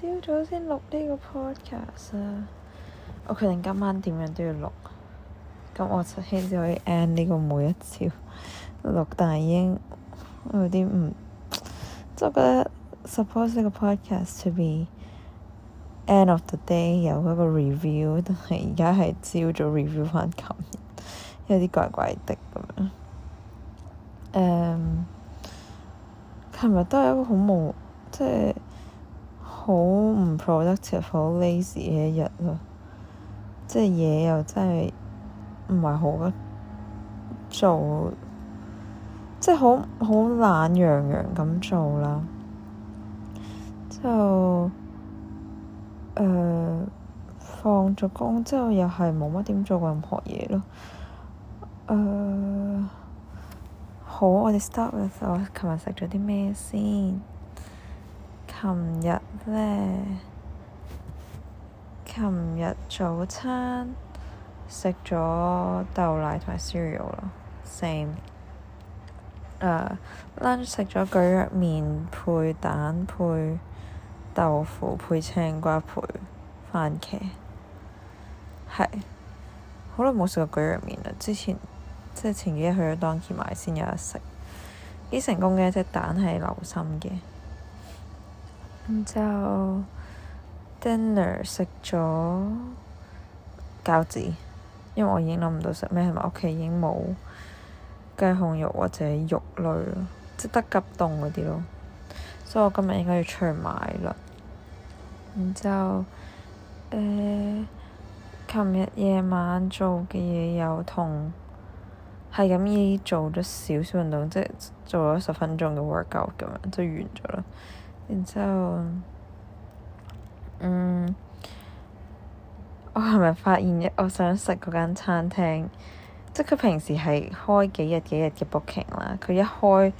朝早先錄呢個 podcast 啊，uh，我決定今晚點樣都要錄，咁我首先只可以 end 呢個每一朝錄，但係已經有啲唔、即、嗯、我覺得 suppose 呢個 podcast to be end of the day 有一個 review，但係而家係朝早 review 翻琴日，有啲怪怪的咁樣。誒、嗯，琴日都係一個好無即係，就是好唔 productive、好 lazy 嘅一日咯，即係嘢又真係唔係好得做，即係好好懶洋洋咁做啦。之後，誒、呃、放咗工之後又係冇乜點做過任何嘢咯。誒、呃、好，我哋 start with 我琴日食咗啲咩先？琴日咧，琴日早餐食咗豆奶同埋 cereal 咯，same、uh, lunch。誒，lunch 食咗蒟蒻麵配蛋配豆腐配青瓜配番茄，係。好耐冇食過蒟蒻麵啦！之前即係前幾日去咗 Donkey 買先有得食，幾成功嘅，隻蛋係流心嘅。咁、嗯、就 dinner 食咗餃子，因為我已經諗唔到食咩，係咪屋企已經冇雞胸肉或者肉類咯，即得急凍嗰啲咯，所以我今日應該要出去買啦。咁、嗯、就誒，琴日夜晚做嘅嘢又痛，係咁依做咗少少運動，即係做咗十分鐘嘅 workout 咁樣，就完咗啦。然之後，嗯，我係咪發現一我想食嗰間餐廳，即佢平時係開幾日幾日嘅 booking 啦，佢一開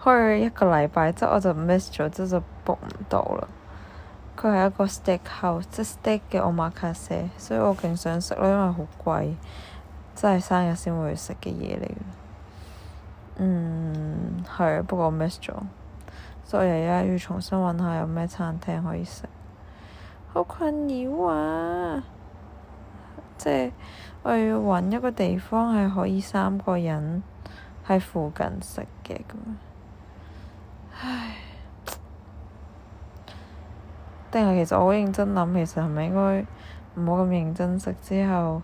開一個禮拜，即係我就 miss 咗，即係就 book 唔到啦。佢係一個 steak house，即 steak 嘅 Omakase，所以我勁想食咯，因為好貴，真係生日先會食嘅嘢嚟嘅。嗯，係，不過我 miss 咗。所以我日日要重新揾下有咩餐廳可以食，好困擾啊！即係我要揾一個地方係可以三個人喺附近食嘅咁。唉，定係其實我好認真諗，其實係咪應該唔好咁認真食，之後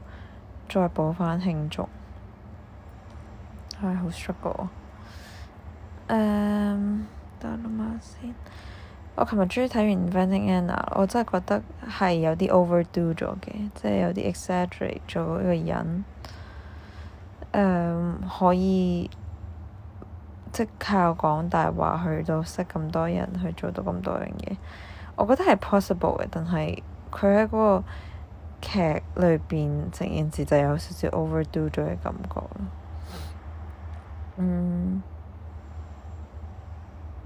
再補返慶祝？唉，好 struggle 啊。我琴日終於睇完《Inventing Anna》，我真係覺得係有啲 overdo 咗嘅，即係有啲 exaggerate 咗個人。誒、嗯，可以即靠講大話去到識咁多人，去做到咁多樣嘢。我覺得係 possible 嘅，但係佢喺嗰個劇裏邊成件事就有少少 overdo 咗嘅感覺咯。嗯。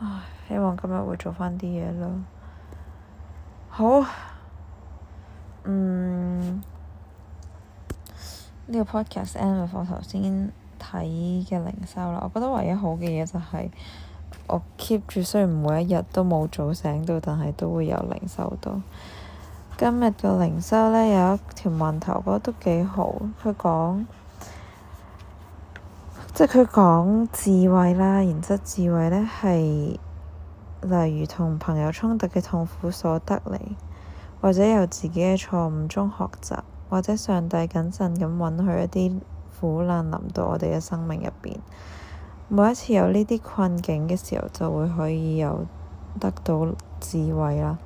唉，希望今日會做翻啲嘢啦。好，嗯，呢、這個 podcast end 咗頭先睇嘅靈修啦，我覺得唯一好嘅嘢就係我 keep 住，雖然每一日都冇早醒到，但係都會有靈修到。今日嘅靈修咧有一條問頭，我覺得都幾好，佢講。即係佢講智慧啦，然之後智慧咧係，例如同朋友衝突嘅痛苦所得嚟，或者由自己嘅錯誤中學習，或者上帝謹慎咁允許一啲苦難臨到我哋嘅生命入邊。每一次有呢啲困境嘅時候，就會可以有得到智慧啦。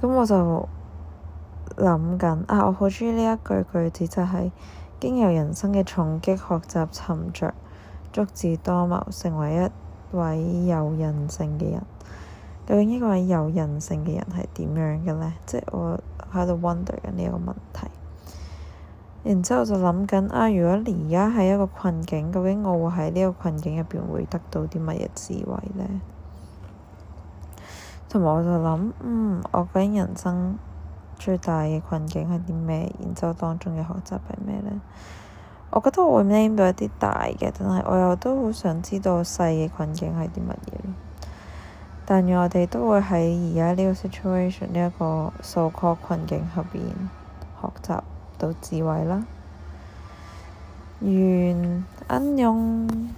咁我就諗緊啊，我好中意呢一句句子就係、是。經由人生嘅重擊，學習沉着，足智多謀，成為一位有人性嘅人。究竟呢個位有人性嘅人係點樣嘅呢？即係我喺度 wonder 緊呢一個問題。然之後就諗緊啊，如果而家喺一個困境，究竟我會喺呢個困境入邊會得到啲乜嘢智慧呢？同埋我就諗，嗯，我究竟人生。最大嘅困境係啲咩？研究當中嘅學習係咩呢？我覺得我會 name 到一啲大嘅，但係我又都好想知道細嘅困境係啲乜嘢。但願我哋都會喺而家呢個 situation 呢一個受挫困境入邊學習到智慧啦。願恩用。